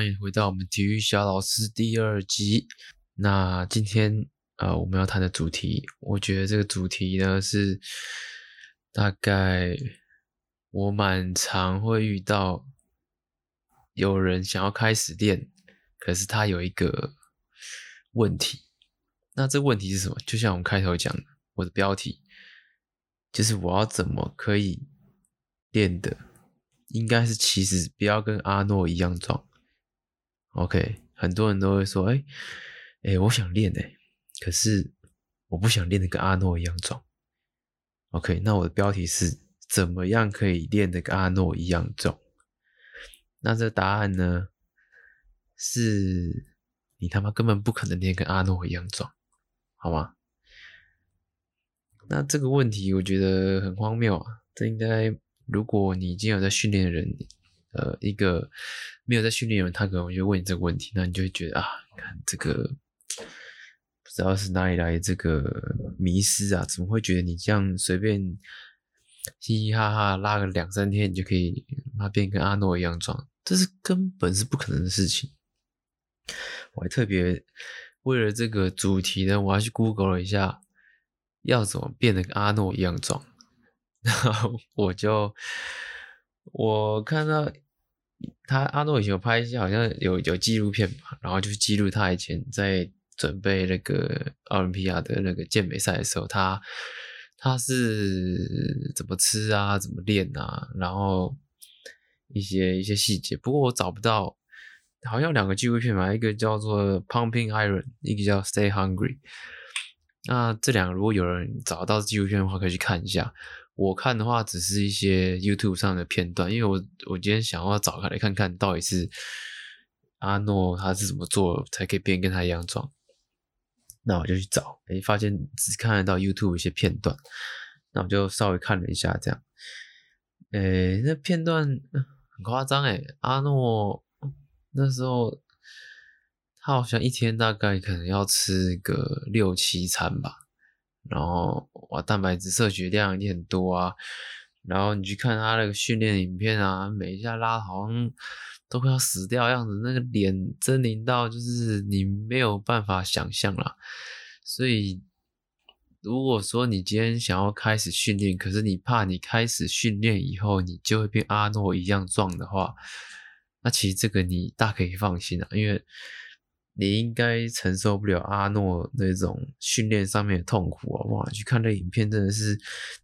歡迎回到我們體育小老師第二集。那今天呃，我們要談的主題，我覺得這個主題呢，是大概我蠻常會遇到有人想要開始練，可是他有一個問題。那這問題是什麼？就像我們開頭講我的標題，就是我要怎麼可以練的，應該是其實不要跟阿諾一樣壯。OK，很多人都會說，欸，欸，我想練欸，可是我不想練得跟阿諾一樣壯。OK，那我的標題是怎麼樣可以練得跟阿諾一樣壯？那這答案呢？是，你他媽根本不可能練跟阿諾一樣壯，好嗎？那這個問題我覺得很荒謬啊！這應該，如果你已經有在訓練的人。呃，一個沒有在訓練的人，他可能就會問你這個問題，那你就會覺得啊，看這個不知道是哪裡來這個迷思啊，怎麼會覺得你這樣隨便嘻嘻哈哈拉個兩三天，你就可以拉變跟阿諾一樣壯？這是根本是不可能的事情。我還特別為了這個主題呢，我還去 Google 了一下要怎麼變得跟阿諾一樣壯，然後我就。我看到他阿諾以前有拍一些好像有有紀錄片吧，然後就是記錄他以前在準備那個奧林匹亞的那個健美賽的時候，他他是怎麼吃啊，怎麼練啊，然後一些一些細節。不過我找不到，好像兩個紀錄片吧，一個叫做 Pumping Iron，一個叫 Stay Hungry。那這兩個如果有人找到紀錄片的話，可以去看一下。我看的話，只是一些 YouTube 上的片段，因為我我今天想要找開來看看到底是阿諾他是怎麼做才可以變跟他一樣壯，那我就去找，誒、欸、發現只看得到 YouTube 一些片段，那我就稍微看了一下，這樣，誒、欸、那片段很誇張誒，阿諾那時候他好像一天大概可能要吃個六七餐吧，然後。哇，蛋白質攝取量一定很多啊！然後你去看他那個訓練影片啊，每一下拉好像都快要死掉樣子，那個臉猙獰到就是你沒有辦法想象了。所以，如果說你今天想要開始訓練，可是你怕你開始訓練以後你就會變阿諾一樣壯的話，那其實這個你大可以放心啊，因為。你應該承受不了阿諾那種訓練上面的痛苦啊！哇，去看這影片真的是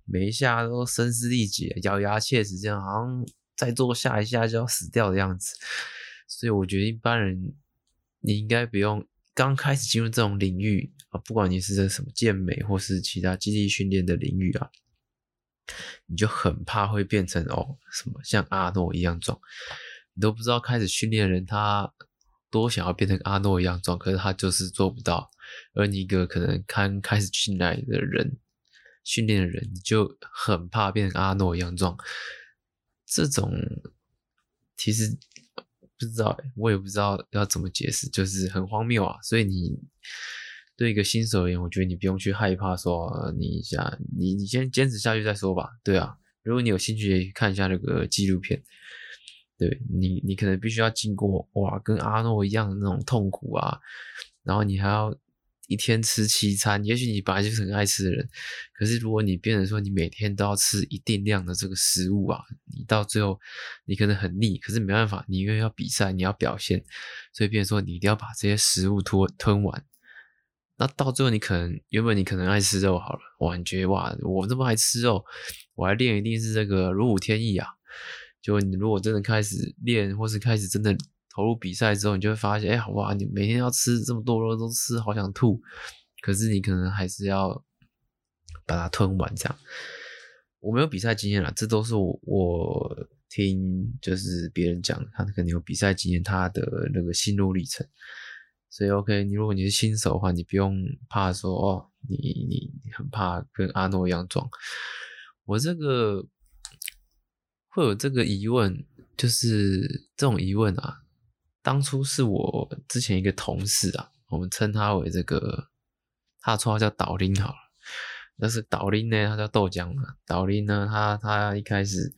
每一下都聲嘶力竭、咬牙切齒，這樣好像再做下一下就要死掉的樣子。所以我覺得一般人你應該不用剛開始進入這種領域啊，不管你是在什麼健美或是其他肌力訓練的領域啊，你就很怕會變成哦什麼像阿諾一樣壯，你都不知道開始訓練的人他，多想要變成阿諾一樣壯，可是他就是做不到。而你一個可能剛開始進來的人，訓練的人，你就很怕變成阿諾一樣壯。這種其實不知道，我也不知道要怎麼解釋，就是很荒謬啊。所以你對一個新手而言，我覺得你不用去害怕說，說你想你你先堅持下去再說吧。對啊，如果你有興趣看一下那個紀錄片。對你，你可能必須要經過哇，跟阿諾一樣的那種痛苦啊，然後你還要一天吃七餐。也許你本來就是很愛吃的人，可是如果你變成說你每天都要吃一定量的這個食物啊，你到最後你可能很膩，可是沒辦法，你因為要比賽，你要表現，所以變成說你一定要把這些食物吞吞、吞完。那到最後你可能原本你可能愛吃肉好了，我感覺得哇，我這麼愛吃肉，我還練一定是這個如虎添翼啊。就你如果真的開始練，或是開始真的投入比賽之後，你就會發現，哎，好吧，你每天要吃這麼多肉都吃好想吐，可是你可能還是要把它吞完。這樣，我沒有比賽經驗啦，這都是我我聽就是別人講，他可能有比賽經驗，他的那個心路歷程。所以，OK，你如果你是新手的話，你不用怕說哦，你你很怕跟阿諾一樣壯，我這個。會有這個疑問，就是這種疑問啊，當初是我之前一個同事啊，我們稱他為這個，他說他叫倒林好了，但是倒林呢，他叫豆漿嘛、啊，倒林呢，他他一開始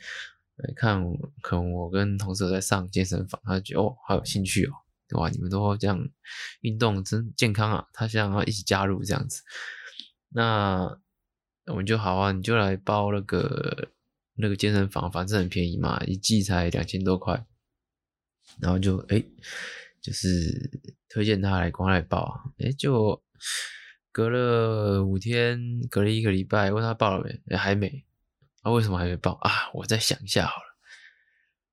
看，可能我跟同事在上健身房，他就覺得哦，好有興趣哦，哇，你們都這樣運動真健康啊，他想要一起加入這樣子，那我們就好啊，你就來包那個，那個健身房反正很便宜嘛，一季才兩千多塊，然後就誒、欸，就是推薦他來過來報，誒、欸，就隔了五天，隔了一個禮拜，問他報了沒、欸，還沒，啊，為什麼還沒報啊？我再想一下好了。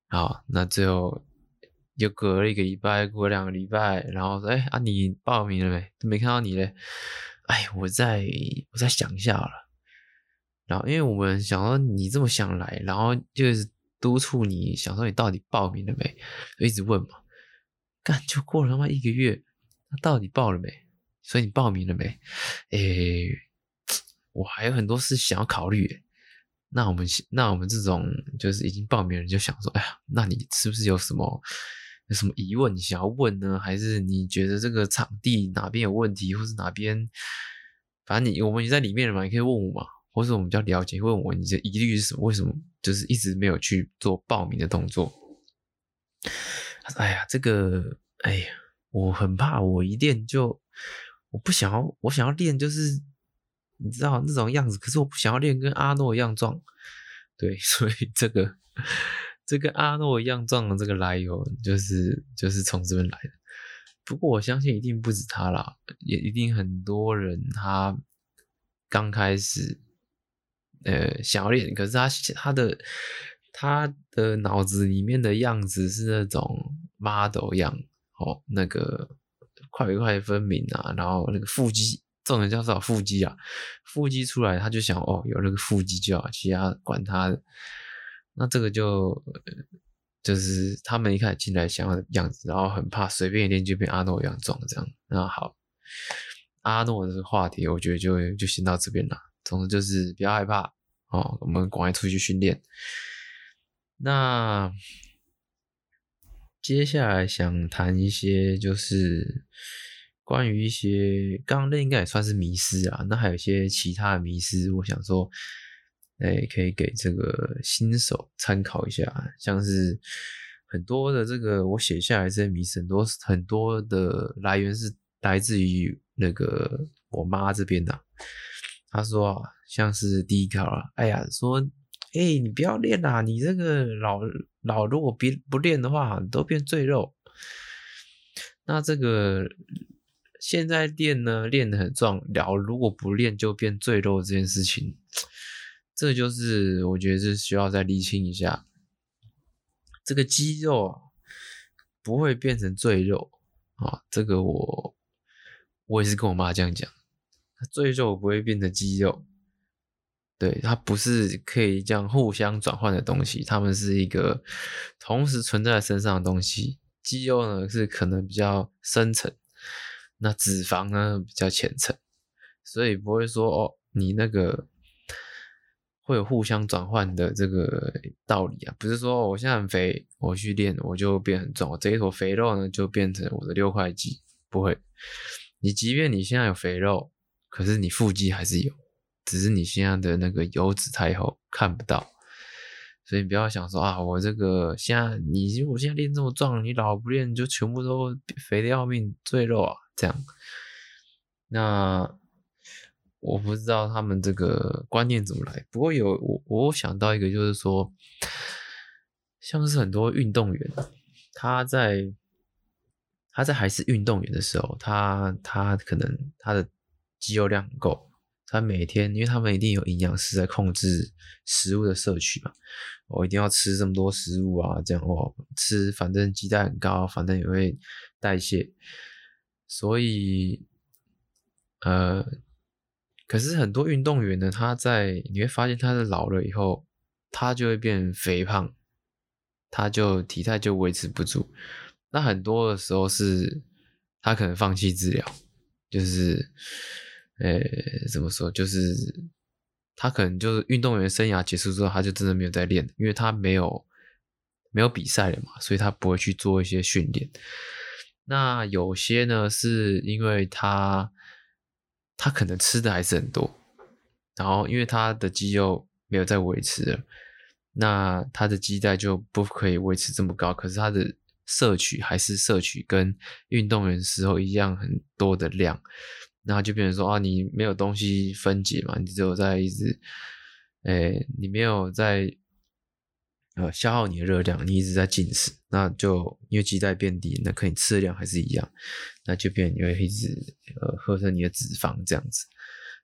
好，那最後又隔了一個禮拜，過了兩個禮拜，然後說誒、欸，啊，你報名了沒？都沒看到你嘞，哎、欸，我再我再想一下好了。然後，因為我們想說你這麼想來，然後就是督促你，想說你到底報名了沒？就一直問嘛，幹就過了那麼一個月，他到底報了沒？所以你報名了沒？哎，我還有很多事想要考慮。那我們那我們這種就是已經報名了，就想說，哎呀，那你是不是有什麼有什麼疑問？你想要問呢？還是你覺得這個場地哪邊有問題，或是哪邊？反正你我們也在裡面了嘛，你可以問我嘛。或者我們比較了解，問我你這疑慮是什麼？為什麼就是一直沒有去做報名的動作？哎呀，這個哎呀，我很怕我一練就我不想要，我想要練就是你知道那種樣子，可是我不想要練跟阿諾一樣壯。對，所以這個這跟阿諾一樣壯的這個來由，就是，就是就是從這邊來的。不過我相信一定不止他啦，也一定很多人他剛開始。呃，想要練，可是他他的他的腦子裡面的樣子是那種 model 樣哦，那個塊與塊分明啊，然後那個腹肌，重點叫做腹肌啊，腹肌出來他就想哦，有那個腹肌就好，其他管他。那這個就就是他們一開始進來想要的樣子，然後很怕隨便一練就被阿諾一樣壯，這樣。那好，阿諾的話題，我覺得就就先到這邊了。總之就是不要害怕哦，我們趕快出去訓練。那接下來想談一,一些，就是關於一些剛剛那應該也算是迷思啊，那還有一些其他的迷思，我想說，誒、欸、可以給這個新手參考一下，像是很多的這個我寫下來這些迷思，很多很多的來源是來自於那個我媽這邊的、啊。他說：“像是第一條啊，哎呀，說，哎、欸，你不要練啦，你這個老老，如果別不練的話，都變贅肉。那這個現在練呢，練得很壯，老如果不練就變贅肉這件事情，這就是我覺得是需要再釐清一下，這個肌肉啊，不會變成贅肉啊，這個我我也是跟我媽這樣講。”贅肉不會變成肌肉對，對，它不是可以這樣互相轉換的東西。它們是一個同時存在在身上的東西。肌肉呢是可能比較深層，那脂肪呢比較淺層，所以不會說哦，你那個會有互相轉換的這個道理啊？不是說，哦，我現在很肥，我去練我就變很壯，我這一坨肥肉呢就變成我的六塊肌？不會，你即便你現在有肥肉。可是你腹肌還是有，只是你現在的那個油脂太厚看不到，所以你不要想說啊，我這個現在你我現在練這麼壯，你老不練就全部都肥得要命，贅肉啊這樣。那我不知道他們這個觀念怎麼來，不過有我我想到一個，就是說，像是很多運動員，他在他在還是運動員的時候，他他可能他的。肌肉量夠，他每天，因為他們一定有營養師在控制食物的攝取嘛，我一定要吃這麼多食物啊，這樣我吃，反正雞蛋很高，反正也會代謝，所以，呃，可是很多運動員呢，他在你會發現，他是老了以後，他就會變肥胖，他就體態就維持不住，那很多的時候是，他可能放棄治療，就是。誒怎麼說？就是他可能就是運動員生涯結束之後，他就真的沒有再練，因為他沒有沒有比賽了嘛，所以他不會去做一些訓練。那有些呢，是因為他他可能吃的還是很多，然後因為他的肌肉沒有再維持了，那他的基代就不可以維持這麼高，可是他的攝取還是攝取跟運動員時候一樣很多的量。那就變成說啊，你沒有東西分解嘛，你只有在一直，誒、欸，你沒有在呃消耗你的熱量，你一直在進食，那就因為基代變低，那可以吃量還是一樣，那就變因為一直呃合成你的脂肪這樣子，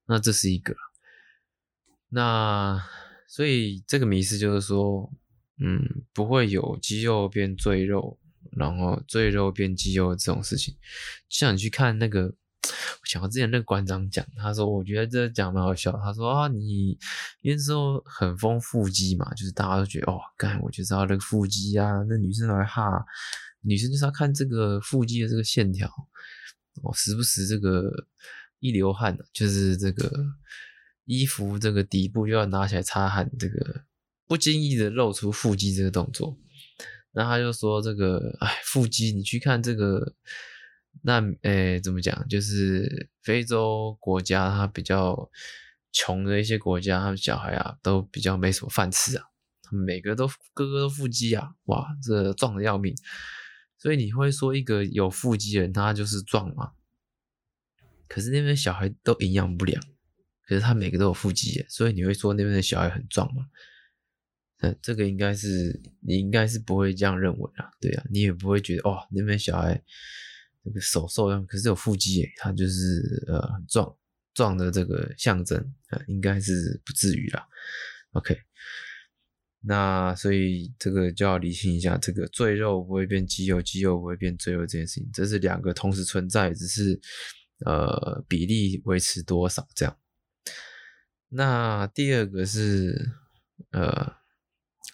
那這是一個，那所以這個迷思就是說，嗯，不會有肌肉變贅肉，然後贅肉變肌肉這種事情，像你去看那個。我想到之前那個館長講，他說，我覺得這講蠻好笑。他說啊，你那時候很瘋腹肌嘛，就是大家都覺得哦，幹，我就知道那個腹肌啊。那女生來哈，女生就是要看這個腹肌的這個線條。我、哦、時不時這個一流汗，就是這個衣服這個底部就要拿起來擦汗，這個不經意的露出腹肌這個動作。然後他就說這個，哎，腹肌，你去看這個。那誒，怎麼講？就是非洲國家，他比較窮的一些國家，他們小孩啊，都比較沒什麼飯吃啊，他每個都個個都腹肌啊，哇，這個、壯得要命。所以你會說一個有腹肌的人，他就是壯嗎？可是那邊小孩都營養不良，可是他每個都有腹肌，所以你會說那邊的小孩很壯嗎？嗯，這個應該是你應該是不會這樣認為啊，對啊，你也不會覺得哦，那邊小孩。這個手受樣，可是有腹肌耶，他就是呃很壯壯的這個象徵，呃，應該是不至於啦。OK，那所以這個就要理清一下，這個贅肉不會變肌肉，肌肉不會變贅肉這件事情，這是兩個同時存在，只是呃比例維持多少這樣。那第二個是呃，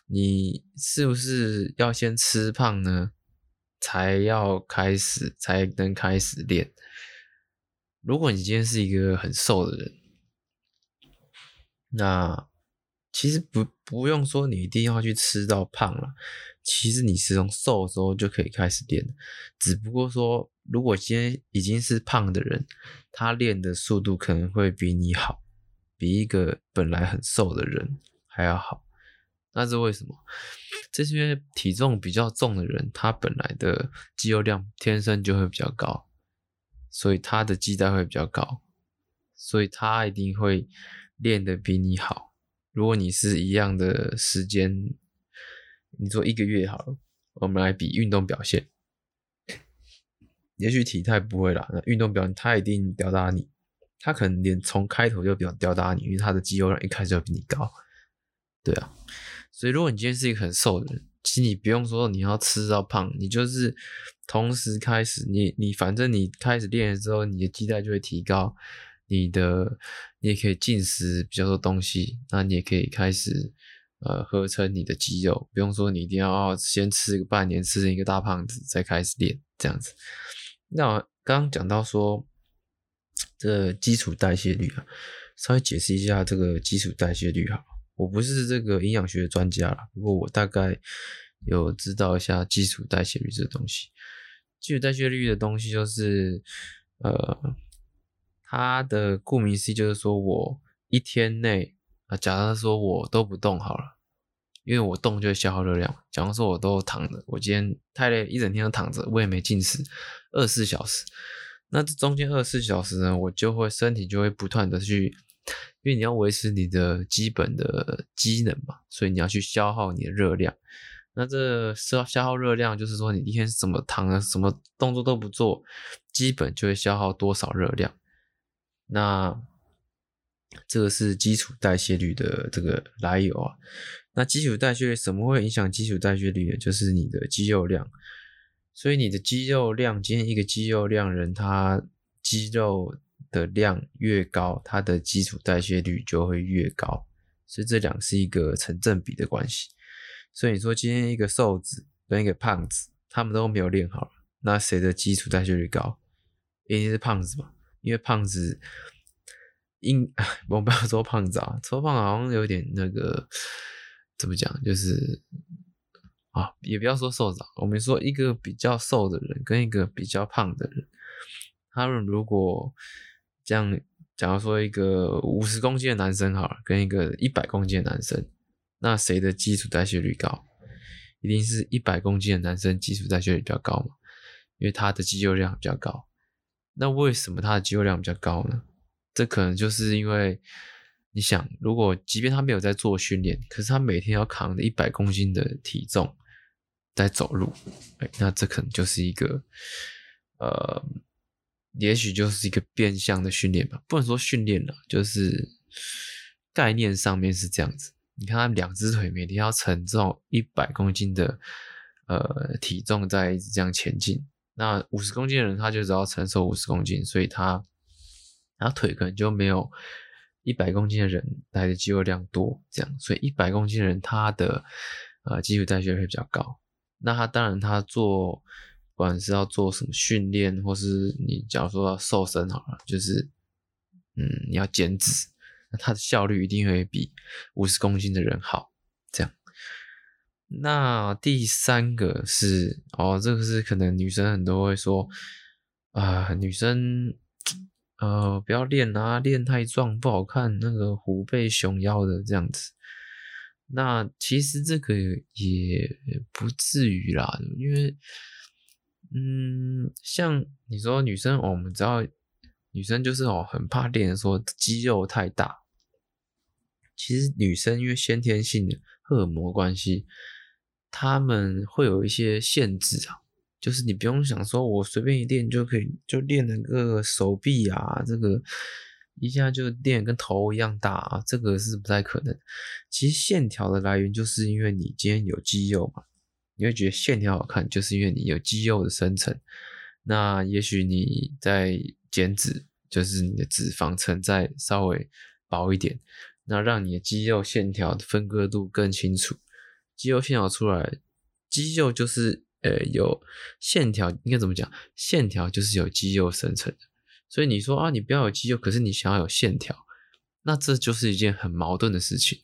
你是不是要先吃胖呢？才要開始，才能開始練。如果你今天是一個很瘦的人，那其實不不用說，你一定要去吃到胖了。其實你是從瘦的時候就可以開始練，只不過說，如果今天已經是胖的人，他練的速度可能會比你好，比一個本來很瘦的人還要好。那是為什麼？這些體重比較重的人，他本來的肌肉量天生就會比較高，所以他的肌耐會比較高，所以他一定會練的比你好。如果你是一樣的時間，你做一個月好了，我們來比運動表現。也許體態不會啦，那運動表現他一定吊打你，他可能連從開頭就比較吊打你，因為他的肌肉量一開始就比你高。對啊。所以，如果你今天是一個很瘦的人，其實你不用說你要吃到胖，你就是同時開始，你你反正你開始練了之後，你的基代就會提高，你的你也可以進食比較多東西，那你也可以開始呃合成你的肌肉，不用說你一定要哦先吃個半年，吃成一個大胖子再開始練這樣子。那我剛剛講到說這個基礎代謝率啊，稍微解釋一下這個基礎代謝率好。我不是這個營養學的專家啦，不過我大概有知道一下基礎代謝率這個東西。基礎代謝率的東西就是，呃，它的顧名思義就是說，我一天內啊，假設說我都不動好了，因為我動就會消耗熱量。假如說我都躺着，我今天太累，一整天都躺着，我也沒進食，二十四小時，那這中間二十四小時呢，我就會身體就會不斷的去。因為你要維持你的基本的機能嘛，所以你要去消耗你的熱量。那這消耗熱量，就是說你一天怎麼躺啊、什麼動作都不做，基本就會消耗多少熱量。那這個是基礎代謝率的這個來由啊。那基礎代謝率什麼會影響基礎代謝率呢？就是你的肌肉量。所以你的肌肉量，今天一個肌肉量人，他肌肉。的量越高，它的基礎代謝率就會越高，所以這兩是一個成正比的關係。所以你說今天一個瘦子跟一個胖子，他們都沒有練好了，那誰的基礎代謝率高？一定是胖子吧？因為胖子因，應我們不要說胖子啊，說胖好像有點那個怎麼講？就是啊，也不要說瘦子，我們說一個比較瘦的人跟一個比較胖的人，他們如果這樣，假如說一個五十公斤的男生好，跟一個一百公斤的男生，那誰的基礎代謝率高？一定是一百公斤的男生基礎代謝率比較高嘛，因為他的肌肉量比較高。那為什麼他的肌肉量比較高呢？這可能就是因為你想，如果即便他沒有在做訓練，可是他每天要扛着一百公斤的體重在走路，那這可能就是一個呃。也許就是一個變相的訓練吧，不能說訓練了，就是概念上面是這樣子。你看他兩隻腿每天要承重一百公斤的呃體重，在一直這樣前進。那五十公斤的人，他就只要承受五十公斤，所以他他腿可能就沒有一百公斤的人來的肌肉量多，這樣，所以一百公斤的人他的呃基礎代謝會比較高。那他當然他做。不管是要做什麼訓練，或是你假如說要瘦身好了，就是嗯，你要減脂，那它的效率一定會比五十公斤的人好，這樣。那第三個是哦，這個是可能女生很多會說啊、呃，女生呃不要練啊，練太壯不好看，那個虎背熊腰的這樣子。那其實這個也不至於啦，因為。嗯，像你說女生，我們知道女生就是哦，很怕練說肌肉太大。其實女生因為先天性的荷爾蒙關係，她們會有一些限制啊，就是你不用想說我隨便一練就可以，就練那個手臂啊，這個一下就練跟頭一樣大啊，這個是不太可能。其實線條的來源就是因為你今天有肌肉嘛。你會覺得線條好看，就是因為你有肌肉的生成。那也許你在減脂，就是你的脂肪層再稍微薄一點，那讓你的肌肉線條的分割度更清楚。肌肉線條出來，肌肉就是呃有線條，應該怎麼講？線條就是有肌肉生成，所以你說啊，你不要有肌肉，可是你想要有線條，那這就是一件很矛盾的事情。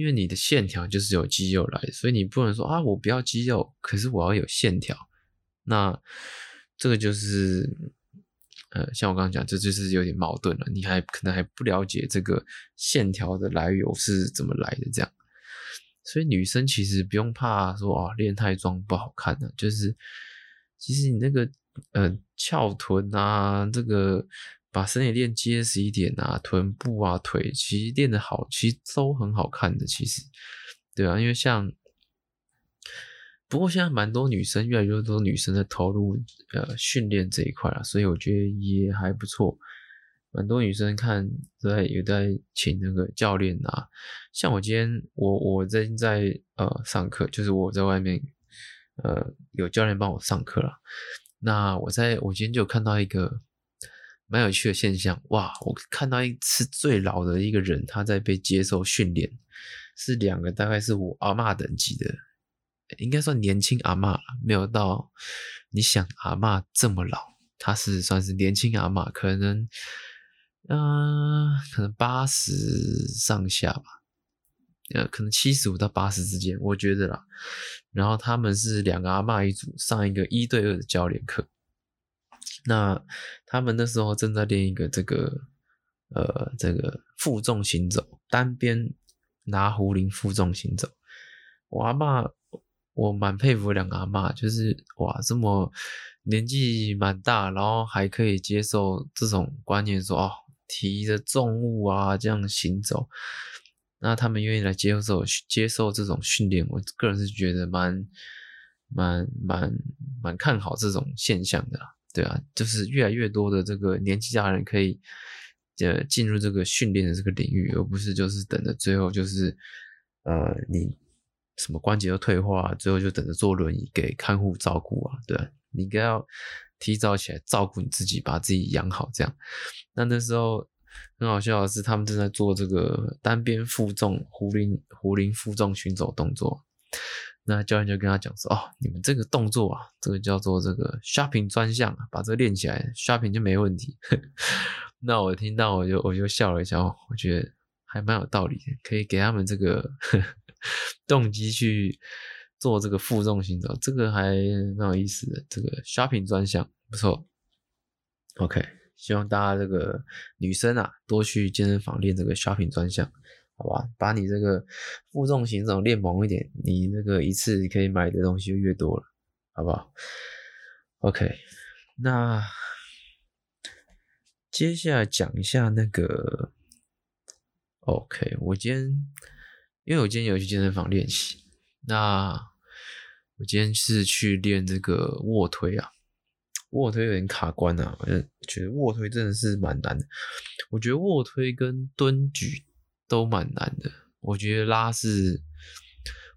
因為你的線條就是有肌肉來的，所以你不能說啊，我不要肌肉，可是我要有線條。那這個就是，呃，像我剛剛講，這就是有點矛盾了。你還可能還不了解這個線條的來由是怎麼來的，這樣。所以女生其實不用怕說啊，練太壯不好看的，就是其實你那個，呃，翹臀啊，這個。把身體練結實一點啊，臀部啊，腿，其實練得好，其實都很好看的，其實，對啊，因為像，不過現在蠻多女生，越來越多女生在投入呃訓練這一塊了，所以我覺得也還不錯。蠻多女生看在有在請那個教練啊，像我今天我我最近在呃上課，就是我在外面呃有教練幫我上課了。那我在我今天就看到一個。蠻有趣的現象哇！我看到一次最老的一個人，他在被接受訓練，是兩個大概是我阿嬤等級的，應該算年輕阿嬤了，沒有到你想阿嬤這麼老，他是算是年輕阿嬤，可能嗯，可能八十上下吧，呃，可能七十五到八十之間，我覺得啦。然後他們是兩個阿嬤一組，上一個一對二的教練課。那他們那時候正在練一個這個，呃，這個負重行走，單邊拿壺鈴負重行走。我阿爸，我蠻佩服兩個阿爸，就是哇，這麼年紀蠻大，然後還可以接受這種觀念說，說哦，提着重物啊這樣行走。那他們願意來接受接受這種訓練，我個人是覺得蠻蠻蠻蠻，蠻看好這種現象的啦。對啊，就是越來越多的這個年紀大的人可以，呃，進入這個訓練的這個領域，而不是就是等着最後就是，呃，你什麼關節都退化，最後就等着坐輪椅給看護照顧啊。對啊，你應該要提早起來照顧你自己，把自己養好這樣。但那，那時候很好笑的是，他們正在做這個單邊負重壺鈴壺鈴負重行走動作。那教練就跟他講說：“哦，你們這個動作啊，這個叫做這個 shopping 專項，把這個練起來，shopping 就沒問題。 ”那我聽到我就我就笑了一下，我覺得還蠻有道理的，可以給他們這個 動機去做這個負重行走，這個還蠻有意思的。這個 shopping 專項不錯。OK，希望大家這個女生啊多去健身房練這個 shopping 專項。好吧，把你這個負重型這種練猛一點，你那個一次可以買的東西就越多了，好不好？OK，那接下來講一下那個 OK，我今天因為我今天有去健身房練習，那我今天是去練這個臥推啊，臥推有點卡關啊，我就覺得臥推真的是蠻難的，我覺得臥推跟蹲舉。都蠻難的，我覺得拉是，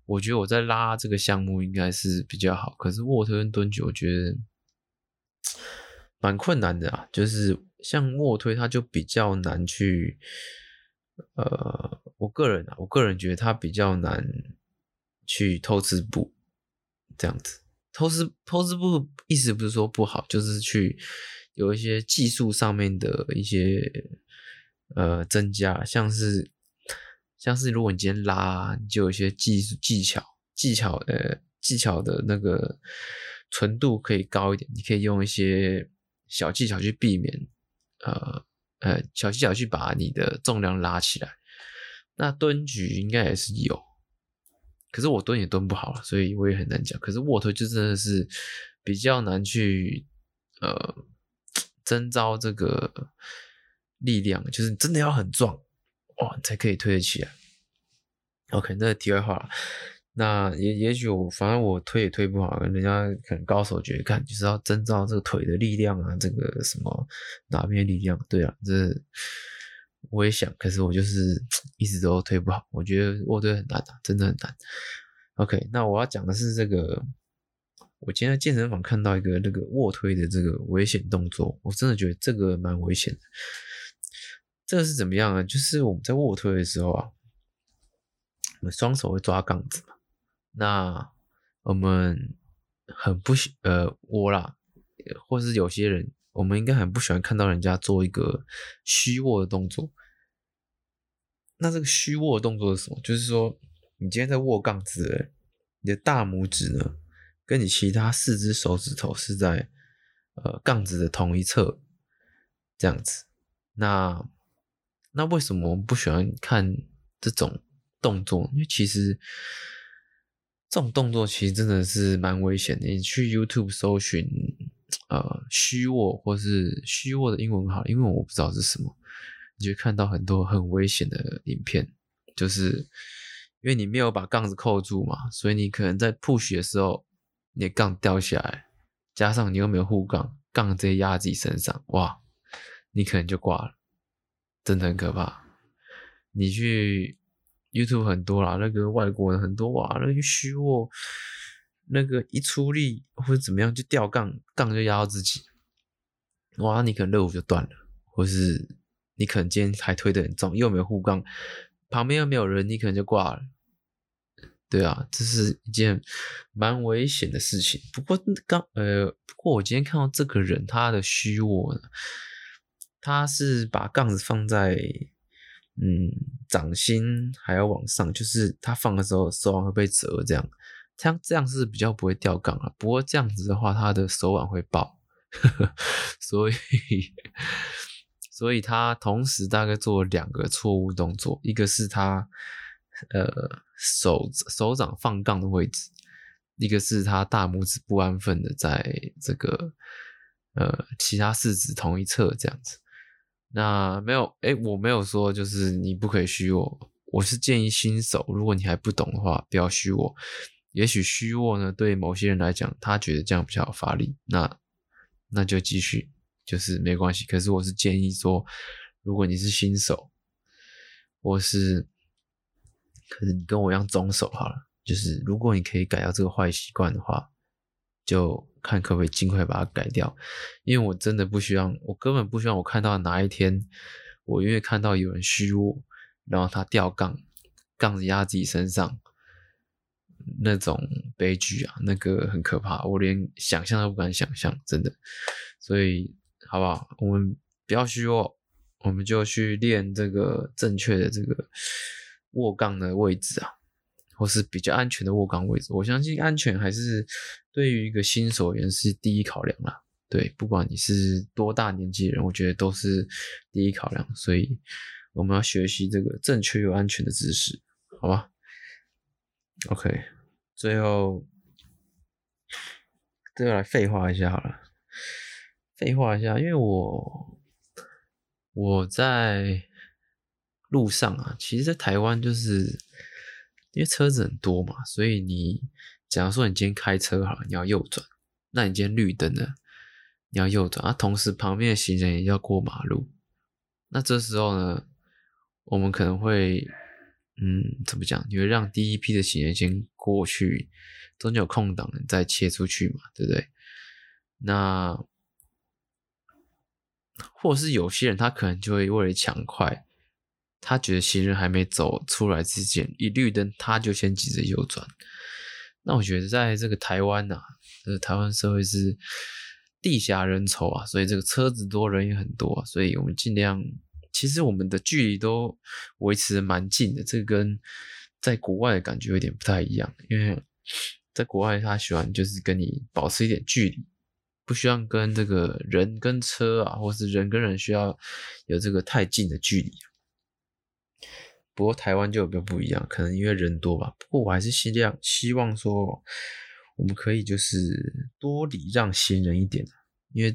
我覺得我在拉這個項目應該是比較好，可是臥推跟蹲舉我覺得蠻困難的啊，就是像臥推它就比較難去，呃，我個人啊，我個人覺得它比較難去偷吃步這樣子，偷吃偷吃步意思不是說不好，就是去有一些技術上面的一些呃增加，像是。像是如果你今天拉，你就有一些技術技巧技巧的、呃、技巧的那個純度可以高一點，你可以用一些小技巧去避免，呃呃小技巧去把你的重量拉起來。那蹲舉應該也是有，可是我蹲也蹲不好了，所以我也很難講。可是臥推就真的是比較難去呃徵召這個力量，就是真的要很壯。哇、哦，才可以推得起啊！OK，那題外話，那也也許我，反正我推也推不好，人家可能高手覺得看就是要徵召這個腿的力量啊，這個什麼哪邊力量。對啊，這我也想，可是我就是一直都推不好。我覺得臥推很難打、啊，真的很難。OK，那我要講的是這個，我今天健身房看到一個那個臥推的這個危險動作，我真的覺得這個蠻危險的。這個是怎麼樣啊？就是我們在臥推的時候啊，我們雙手會抓槓子嘛。那我們很不喜呃握啦，或是有些人，我們應該很不喜歡看到人家做一個虛握的動作。那這個虛握的動作是什麼？就是說，你今天在握槓子，誒你的大拇指呢，跟你其他四只手指頭是在呃槓子的同一側，這樣子，那。那為什麼我們不喜歡看這種動作？因為其實這種動作其實真的是蠻危險的。你去 YouTube 搜尋呃虛握，或是虛握的英文好了，因為我不知道是什麼，你就看到很多很危險的影片。就是因為你沒有把槓子扣住嘛，所以你可能在 push 的時候，你的槓掉下來，加上你又沒有護槓，槓直接壓自己身上，哇，你可能就掛了。真的很可怕，你去 YouTube 很多啦，那個外國人很多哇、啊，那個虛握那個一出力或者怎麼樣就掉槓，槓就壓到自己，哇，你可能肋骨就斷了，或是你可能今天還推得很重，又沒護槓，旁邊又沒有人，你可能就掛了。對啊，這是一件蠻危險的事情。不過剛呃，不過我今天看到這個人他的虛握他是把槓子放在嗯，掌心，還要往上，就是他放的時候手腕會被折這樣，這樣，像這樣是比較不會掉槓啊。不過這樣子的話，他的手腕會爆，呵呵，所以，所以他同時大概做兩個錯誤動作，一個是他呃手手掌放槓的位置，一個是他大拇指不安分的在這個呃其他四指同一側這樣子。那沒有，誒、欸，我沒有說就是你不可以虛握，我是建議新手，如果你還不懂的話，不要虛握。也許虛握呢，對某些人來講，他覺得這樣比較好發力，那那就繼續，就是沒關係。可是我是建議說，如果你是新手，我是，可是你跟我一樣中手好了，就是如果你可以改掉這個壞習慣的話。就看可不可以盡快把它改掉，因為我真的不希望，我根本不希望我看到哪一天，我因為看到有人虛握，然後他掉槓，槓子壓自己身上，那種悲劇啊，那個很可怕，我連想象都不敢想象，真的。所以，好不好？我們不要虛握，我們就去練這個正確的這個握槓的位置啊。或是比較安全的握槓位置，我相信安全還是對於一個新手而言是第一考量啦。對，不管你是多大年紀的人，我覺得都是第一考量。所以我們要學習這個正確又安全的姿勢，好吧？OK，最後這個來廢話一下好了，廢話一下，因為我我在路上啊，其實在台灣就是。因為車子很多嘛，所以你假如說你今天開車好，你要右轉，那你今天綠燈了，你要右轉，啊，同時旁邊的行人也要過馬路，那這時候呢，我們可能會，嗯，怎麼講？你會讓第一批的行人先過去，中間有空檔你再切出去嘛，對不對？那，或者是有些人他可能就會為了搶快。他覺得行人還沒走出來之前，一綠燈他就先急着右轉。那我覺得在這個台灣吶、啊，這、就是、台灣社會是地狹人稠啊，所以這個車子多人也很多，啊，所以我們盡量，其實我們的距離都維持蠻近的。這個、跟在國外的感覺有點不太一樣，因為在國外他喜歡就是跟你保持一點距離，不希望跟這個人跟車啊，或是人跟人需要有這個太近的距離。不過台灣就有比不一樣，可能因為人多吧。不過我還是希量希望說，我們可以就是多禮讓行人一點。因為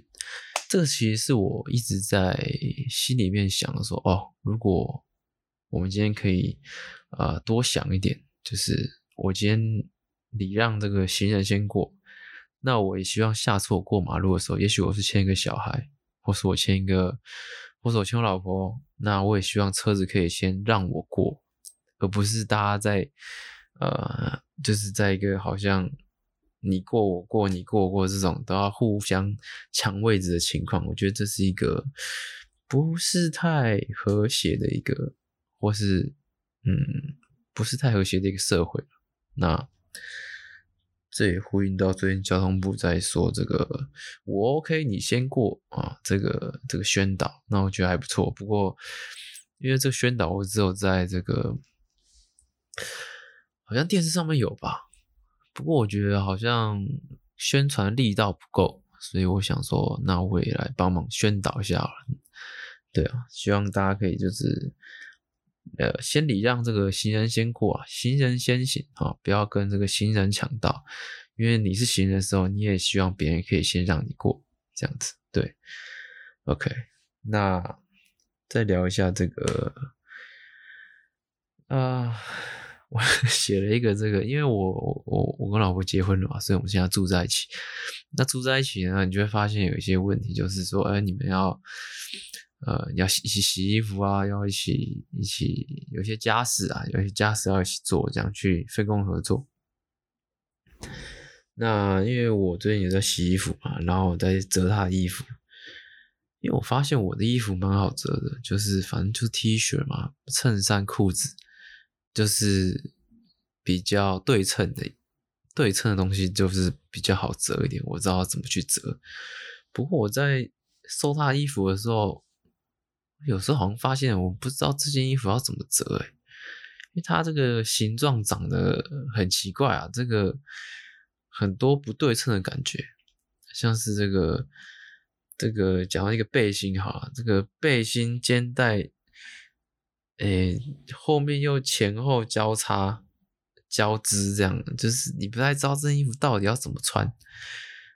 這其實是我一直在心裡面想的說，哦，如果我們今天可以呃多想一點，就是我今天禮讓這個行人先過，那我也希望下次我過馬路的時候，也許我是牽一個小孩，或是我牽一個，或是我牽我老婆。那我也希望車子可以先讓我過，而不是大家在，呃，就是在一個好像你過我過你過我過這種都要互相搶位置的情況，我覺得這是一個不是太和諧的一個，或是嗯，不是太和諧的一個社會。那。這也呼應到最近交通部在說這個“我 OK，你先過”啊，這個這個宣導，那我覺得還不錯。不過因為這個宣導，我只有在這個好像電視上面有吧。不過我覺得好像宣傳力道不夠，所以我想說，那我也來幫忙宣導一下了。對啊，希望大家可以就是。呃，先禮讓這個行人先過啊，行人先行啊、哦，不要跟這個行人搶道，因為你是行人的時候，你也希望別人可以先讓你過，這樣子對。OK，那再聊一下這個，啊、呃，我寫 了一個這個，因為我我我跟老婆結婚了嘛，所以我們現在住在一起。那住在一起呢，你就會發現有一些問題，就是說，誒、欸、你們要。呃，要一起洗，洗衣服啊，要一起一起，一起有一些家事啊，有些家事要一起做，這樣去分工合作。那因為我最近也在洗衣服嘛，然後我在折他的衣服，因為我發現我的衣服蠻好折的，就是反正就是 T 恤嘛、襯衫、褲子，就是比較對稱的對稱的東西，就是比較好折一點。我知道怎麼去折。不過我在收他衣服的時候。有時候好像發現，我不知道這件衣服要怎麼折誒、欸、因為它這個形狀長得很奇怪啊，這個很多不對稱的感覺，像是這個這個講到一個背心哈，這個背心肩帶，誒、欸、後面又前後交叉交織這樣的，就是你不太知道這件衣服到底要怎麼穿，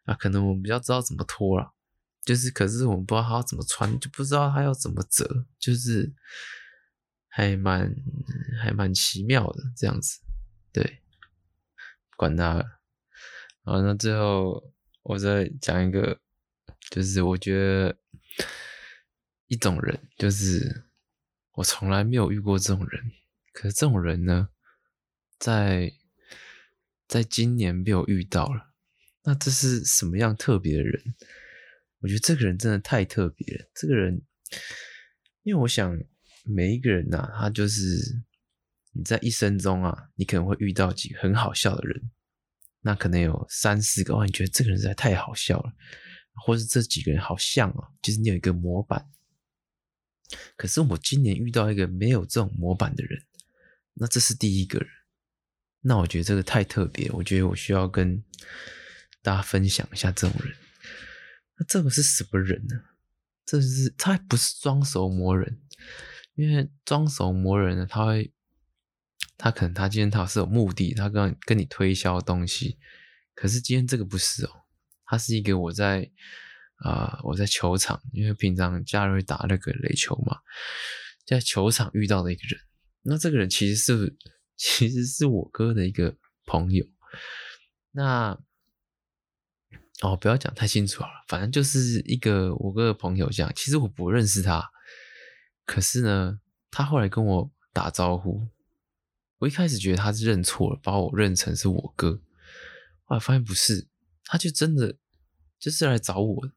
啊，可能我們比較知道怎麼脫了。就是，可是我們不知道他要怎麼穿，就不知道他要怎麼折，就是還蠻還蠻奇妙的這樣子。對，管他了。好，那最後我再講一個，就是我覺得一種人，就是我從來沒有遇過這種人，可是這種人呢，在在今年被我遇到了。那這是什麼樣特別的人？我覺得這個人真的太特別了。這個人，因為我想每一個人吶、啊，他就是你在一生中啊，你可能會遇到幾個很好笑的人，那可能有三四個哇。你覺得這個人實在太好笑了，或是這幾個人好像哦、啊，就是你有一個模板。可是我今年遇到一個沒有這種模板的人，那這是第一個人。那我覺得這個太特別，我覺得我需要跟大家分享一下這種人。那這個是什麼人呢、啊？這個、是他不是裝熟魔人，因為裝熟魔人呢，他會，他可能他今天他是有目的，他跟跟你推銷的東西。可是今天這個不是哦，他是一個我在啊、呃、我在球場，因為平常假日會打那個壘球嘛，在球場遇到的一個人。那這個人其實是，其實是我哥的一個朋友。那。哦，不要講太清楚了，反正就是一個我哥的朋友這樣。其實我不認識他，可是呢，他後來跟我打招呼，我一開始覺得他是認錯了，把我認成是我哥。後來發現不是，他就真的就是來找我。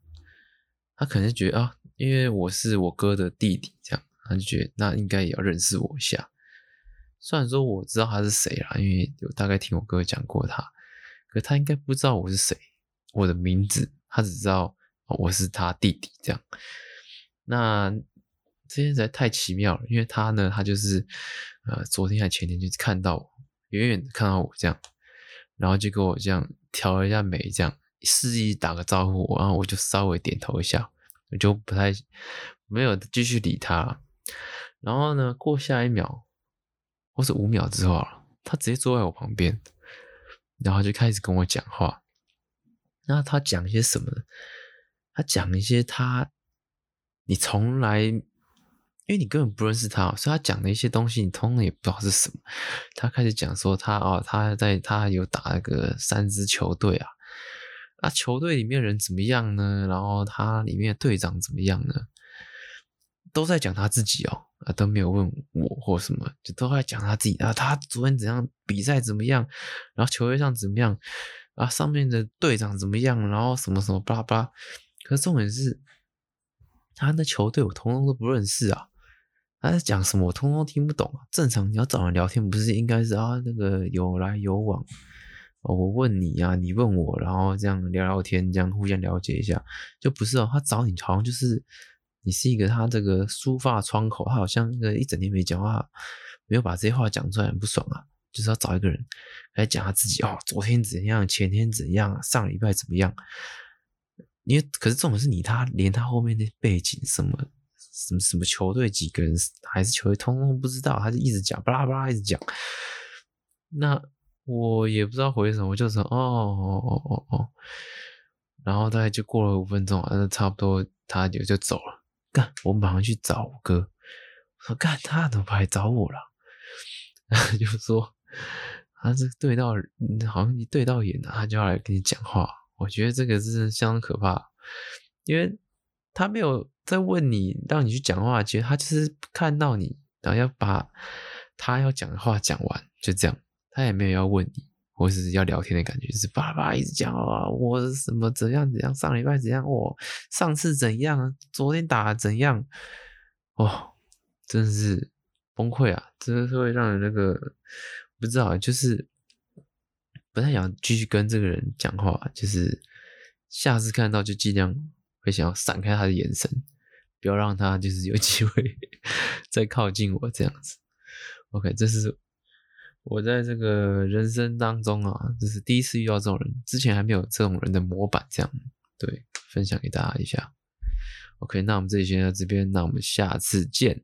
他可能就覺得啊，因為我是我哥的弟弟這樣，他就覺得那應該也要認識我一下。雖然說我知道他是誰啦，因為有大概聽我哥講過他，可他應該不知道我是誰。我的名字，他只知道我是他弟弟這樣。那這件事太奇妙了，因為他呢，他就是呃，昨天還是前天就是看到我，遠遠的看到我這樣，然後就跟我這樣挑了一下眉，這樣示意打個招呼，然後我就稍微點頭一下，我就不太沒有繼續理他。然後呢，過下一秒，或是五秒之後啊，他直接坐在我旁邊，然後就開始跟我講話。那他講一些什麼？他講一些他，你從來，因為你根本不認識他喔，所以他講的一些東西，你通常也不知道是什麼。他開始講說他哦，他在他有打那個三支球隊啊，啊，球隊裡面人怎麼樣呢？然後他裡面的隊長怎麼樣呢？都在講他自己喔，啊，都沒有問我或什麼，就都在講他自己啊。他昨天怎樣比賽？怎麼樣？然後球隊上怎麼樣？啊，上面的隊長怎麼樣？然後什麼什麼巴拉巴拉，可是重點是，他的球隊我通通都不認識啊，他在講什麼我通通聽不懂啊。正常你要找人聊天不是應該是啊那個有來有往、哦，我問你啊，你問我，然後這樣聊聊天，這樣互相了解一下，就不是哦。他找你好像就是你是一個他這個抒發窗口，他好像那個一整天沒講話，沒有把這些話講出來，很不爽啊。就是要找一個人來講他自己哦，昨天怎樣，前天怎樣，上禮拜怎麼樣？因為可是重點是你，他連他後面那背景什麼什麼什麼球隊幾個人還是球隊通通不知道，他就一直講巴拉巴拉，一直講。那我也不知道回什麼，我就說哦哦哦哦哦，然後大概就過了五分鐘，那差不多他就就走了。幹，我們馬上去找哥，我說幹他怎麼來找我了？他就說。啊，這對到好像你對到眼的、啊，他就要來跟你講話。我覺得這個是相當可怕，因為他沒有在問你，讓你去講話，其實他就是看到你，然後要把他要講的話講完，就這樣，他也沒有要問你或是要聊天的感覺，就是叭叭一直講啊，我什麼怎樣怎樣，上禮拜怎樣，我、哦、上次怎樣，昨天打怎樣，哦，真的是崩潰啊，真的是會讓人那個。不知道，就是不太想繼續跟這個人講話，就是下次看到就盡量會想要閃開他的眼神，不要讓他就是有機會再靠近我這樣子。OK，這是我在這個人生當中啊，就是第一次遇到這種人，之前還沒有這種人的模板這樣，對，分享給大家一下。OK，那我們這裡先到這邊，那我們下次見。